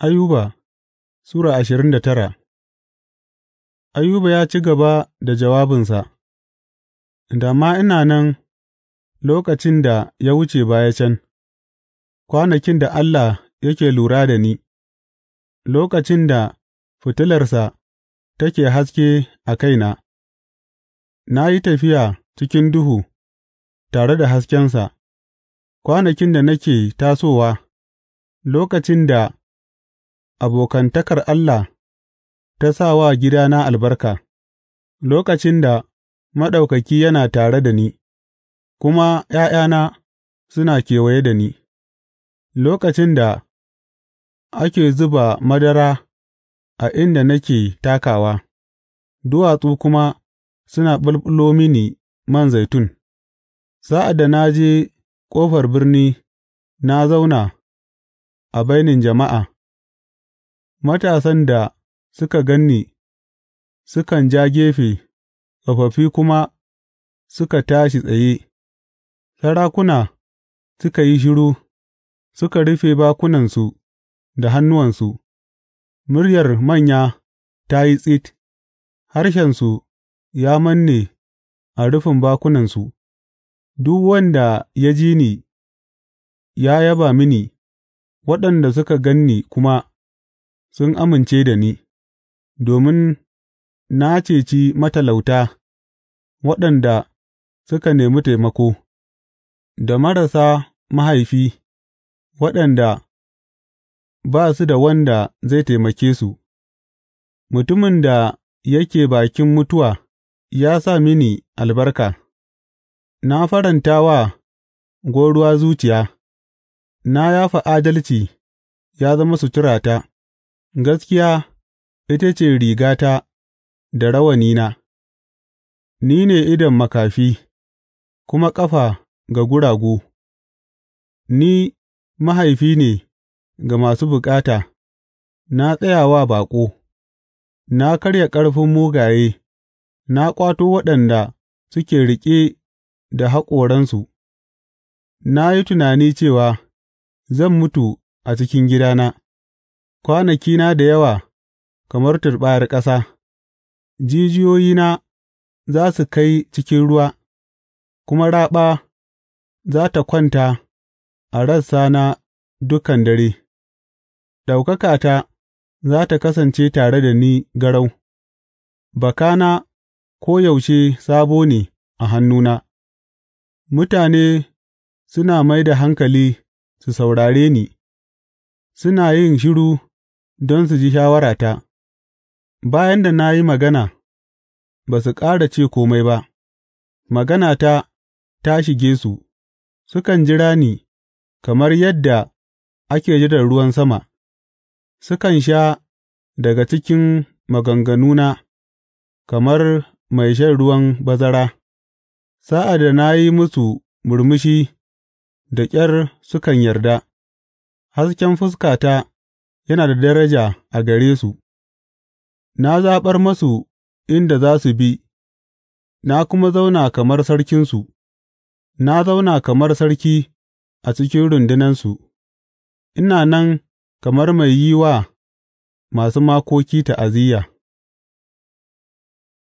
Ayuba Sura ashirin da tara Ayuba ya ci gaba da jawabinsa Da ma ina nan lokacin da ya wuce baya can, kwanakin da Allah yake lura da ni, lokacin da fitilarsa take haske a kaina, na yi tafiya cikin duhu tare da haskensa, kwanakin da nake tasowa, lokacin da abokantakar Allah ta sa wa gidana albarka, lokacin da Maɗaukaki yana tare da ni, kuma ’ya'yana suna kewaye da ni, lokacin da ake zuba madara a inda nake takawa, duwatsu kuma suna ɓulɓulo mini man zaitun, sa'ad da na je ƙofar birni na zauna a bainin jama'a. Matasan da suka gan ni sukan ja gefe tsofaffi kuma suka tashi tsaye; sarakuna suka yi shiru suka rufe bakunansu da hannuwansu; muryar manya ta yi tsit, harshensu ya manne a rufin bakunansu; duk wanda ya ji ni ya yaba mini, waɗanda suka gan ni kuma. sun amince da ni, domin na ceci matalauta waɗanda suka nemi taimako, da marasa mahaifi waɗanda ba su da wanda zai taimake su, mutumin da yake bakin mutuwa ya sa mini albarka, na faranta wa gwauruwa zuciya, na yafa adalci ya zama suturata. Gaskiya ita ce rigata da rawanina; ni ne idon makafi, kuma ƙafa ga guragu; ni mahaifi ne ga masu bukata, na tsaya wa baƙo, na karya ƙarfin mugaye, na ƙwato waɗanda suke riƙe da haƙoransu; na yi tunani cewa, Zan mutu a cikin gidana. Kwanakina da yawa kamar turɓayar ƙasa, jijiyoyina za su kai cikin ruwa, kuma raɓa za ta kwanta a rassana dukan dare; ɗaukakata za ta kasance tare da ni garau, bakana koyaushe sabo ne a hannuna, mutane suna mai da hankali su saurare ni, suna yin shiru. don su ji shawarata, bayan da na yi magana, ba su ƙara ce kome ba, maganata ta shige su, sukan jira ni kamar yadda ake jiran ruwan sama, sukan sha daga cikin maganganuna kamar mai shan ruwan bazara, sa'ad da na yi musu murmushi da ƙyar sukan yarda, hasken fuskata. yana da daraja a gare su, na zaɓar masu inda za su bi, na kuma zauna kamar sarkinsu, na zauna kamar sarki a cikin rundunansu, ina nan kamar mai yi wa masu makoki ta'aziyya.